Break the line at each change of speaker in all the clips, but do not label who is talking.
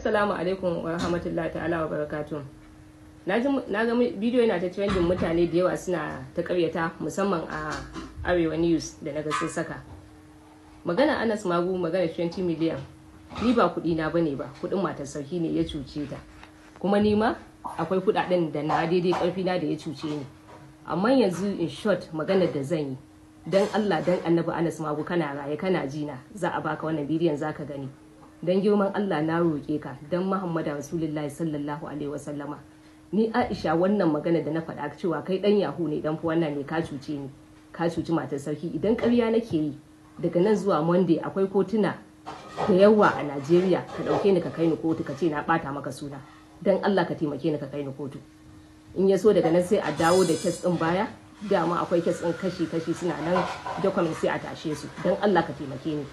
assalamu alaikum wa rahmatullahi ta'ala wa barakatun na ga bidiyo yana ta trending mutane da yawa suna ta karyata musamman a arewa news da na sun saka magana anas magu magana 20 miliyan ni ba kudi na bane ba kudin matar sarki ne ya cuce ta kuma ni ma akwai kudaden da na daidai karfi na da ya cuce ni amma yanzu in short magana da zan yi dan Allah dan annabi anas magu kana raye kana jina za a baka wannan bidiyon zaka gani dan girman Allah na roƙe ka dan Muhammadu Rasulullahi sallallahu alaihi wasallama ni Aisha wannan magana da na faɗa cewa kai dan yahu ne dan wannan ne ka cuce ni ka cuci matar sarki idan ƙarya nake yi daga nan zuwa Monday akwai kotuna da yawa a Najeriya ka ɗauke ni ka kai ni kotu ka ce na ɓata maka suna dan Allah ka taimake ni ka kai ni kotu in ya so daga nan sai a dawo da kes ɗin baya dama akwai kes ɗin kashi-kashi suna nan document sai a tashe su don Allah ka taimake ni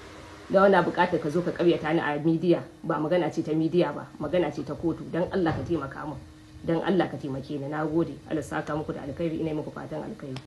da wanda bukatar ka zo ka karyata ni a midiya ba magana ce ta midiya ba magana ce ta kotu dan Allah ka taimaka mu dan Allah ka taimake ni nagode Allah saka muku da
alkhairi ina muku fatan alkhairi